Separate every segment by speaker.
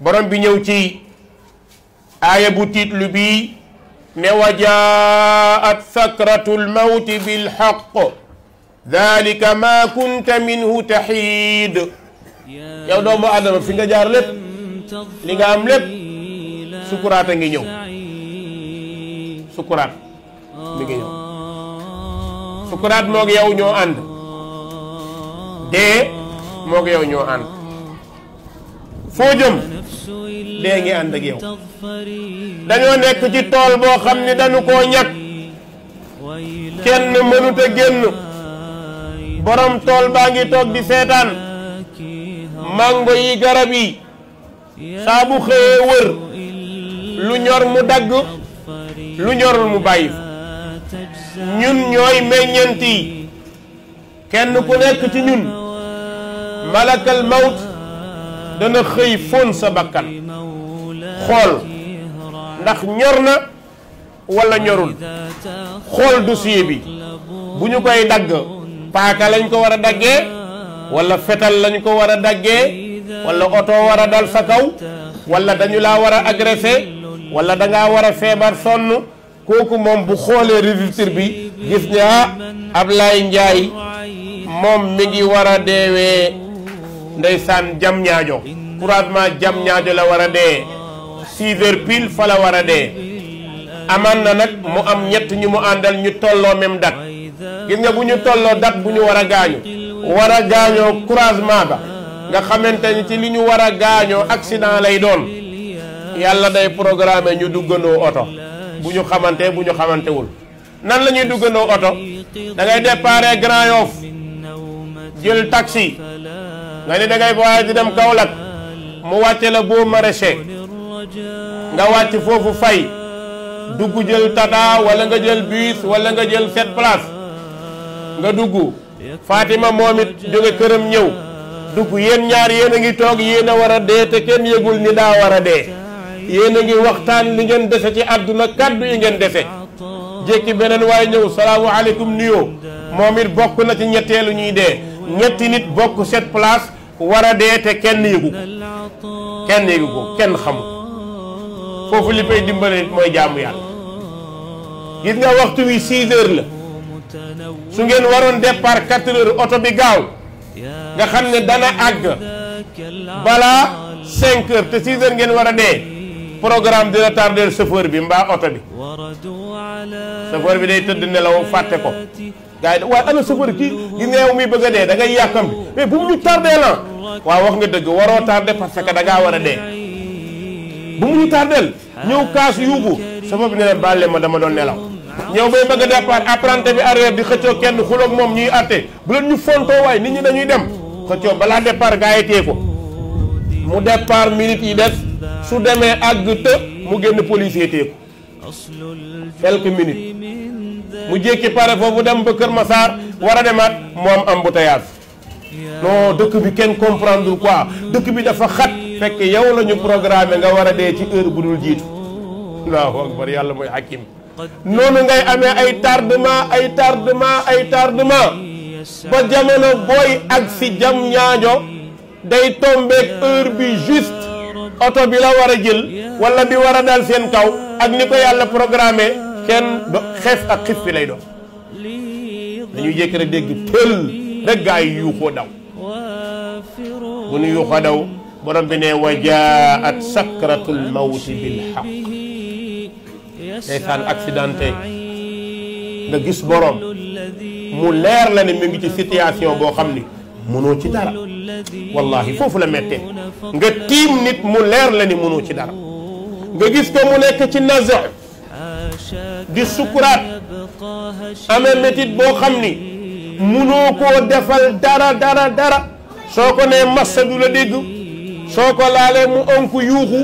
Speaker 1: borom bi ñëw ci aaya bu tiitlu bi ne wa jaat sakratul mawti bil haqq dalika ma kunta minhu taxiid yow doomu adama fi nga jaar lépp li nga am sukuraat a ngi ñëw sukuraat mi ngi ñëw sukuraat moog yow ñoo ànd dee moog yow ñoo ànd foo jëm dee ngi ànd ak yow dañoo nekk ci tool boo xam ni dañu ko ñàkk kenn mënut a génn borom tool baa ngi toog di seetaan mango yi garab yi saa bu xëyee wër lu ñor mu dagg lu ñorul mu bàyyi ñun ñooy meññeent kenn ku nekk ci ñun malakal mawt dana xëy fóon sa bakkan xool ndax ñor na wala ñorul xool dossier bi bu ñu koy dagg paaka lañ ko war a daggee wala fetal lañ ko war a daggee wala oto war a dal sa kaw wala dañu la war a agressé wala dangaa war a feebar sonn kooku moom bu xoolee registre bi gis ne ah Ablaye Ndiaye moom mi ngi war deewee ndeysaan jam ñaajo croisement jam ñaajo la war a dee six heures pile fa la war a dee amaan na nag mu am ñett ñu mu àndal ñu tolloo même date gis nga bu ñu tolloo date bu ñu war a gaañu war a gaañoo croisement ba nga xamante ni ci li ñu war a gaañoo accident lay doon yàlla day programmer ñu duggandoo oto bu ñu xamante bu ñu xamantewul nan la ñuy duggandoo oto da ngay Grand Yoff jël taxi nga ni da ngay di dem Kaolack mu wàcce la boo maraîcher nga wàcc foofu fay dugg jël tata wala nga jël bus wala nga jël sept place nga dugg Fatima moom it jóge këram ñëw dugg yéen ñaar yéen a ngi toog yéen a war a dee te kenn yëgul ni daa war a dee yéen a ngi waxtaan li ngeen dese ci àdduna kàddu yi ngeen dese jékki beneen waaye ñëw salaamu aleykum nuyoo moom it bokk na ci ñetteelu ñuy dee ñetti nit bokk cette place war a dee te kenn yëgu ko kenn yëgu ko kenn xamu foofu li fay dimbale mooy jàmm yàlla gis nga waxtu wi 6 heures la su ngeen waroon depart 4 heures oto bi gaaw nga xam ne dana àgg balaa 5 heures te 6 heures ngeen war a dee programme di retardé chauffeur bi mbaa oto bi chauffeur bi day tëdd nelaw fàtte ko gars yi da waaye ana safar kii ginnaaw muy bëgg a dee da ngay yàkkam mais bu mu ñu tardé la waaw wax nga dëgg waroo tardé parce que da war a dee bu mu ñu tardel ñëw kaas yuugu safa bi ne leen bàlle ma dama doon nelaw ñëw bay bëgg a départ apprenti bi arrière di xëccoo kenn xuloog moom ñuy atte bu leen ñu fontoo waay nit ñi dañuy dem xëccoo balaa départ gars yi tee ko mu départ minutes yi des su demee àgg të mu génn policier tee ko quelques minutes mu jékki pare foofu dem ba Kër Massar war a demaat moom am embouteillage non dëkk bi kenn comprendre quoi dëkk bi dafa xat fekk yow la ñu programmé nga war a dee ci heure bu dul jiitu allahu akbar yàlla mooy hakim noonu ngay amee ay tardement ay tardement ay tardement ba jamono booy ak si jam ñaajo day tombeek heure bi juste oto bi la war a jël wala bi war a dal seen kaw ak ni ko yàlla programmé kenn do xeef ak xif bi lay doon dañuy jékki rek dégg tël rek gaa yi yuuxoo daw bu nu yuuxoo daw borom bi ne wajaat sakratul mawti bil xaq ndeysaan accidenté nga gis borom mu leer la ne mu ngi ci situation boo xam ni mënoo ci dara wallahi foofu la mettee nga tiim nit mu leer la ni mënoo ci dara nga gis ko mu nekk ci nazo di sukuraat amee métit boo xam ni munoo koo defal dara dara dara soo ko nee massa du la dégg soo ko laalee mu onk yuuxu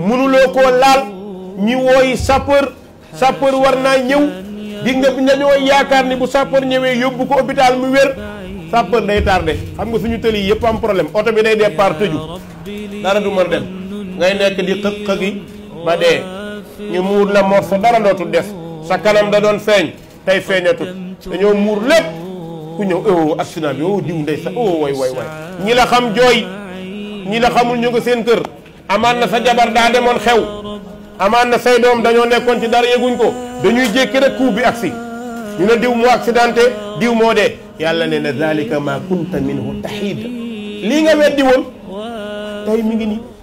Speaker 1: munuloo koo laal ñi wooyi sapeur sapeur war naa ñëw di nga dañoo yaakaar ni bu sapeur ñëwee yóbbu ko hôpital mu wér sapeur day tardé xam nga suñu tëli yëpp am problème oto bi day départ tëju dara du mën dem ngay nekk di xëq xëqi ba dee ñu muur la mor sa dara dootul def sa kanam da doon feeñ tey feeñatul dañoo muur lépp ku ñëw oo oh, accident bi oo oh, diw ndey sa oo oh, way way way ñi la xam jooy ñi la xamul ñu ko seen kër amaan na sa jabar daa demoon xew amaan na say doom dañoo nekkoon ci dara yëguñ ko dañuy jékki rek coup bi agsi ñu ne diw moo accidenté diw moo dee yàlla ne na zalika ma kunta minhu tahid lii nga weddi woon tey mi ngi nii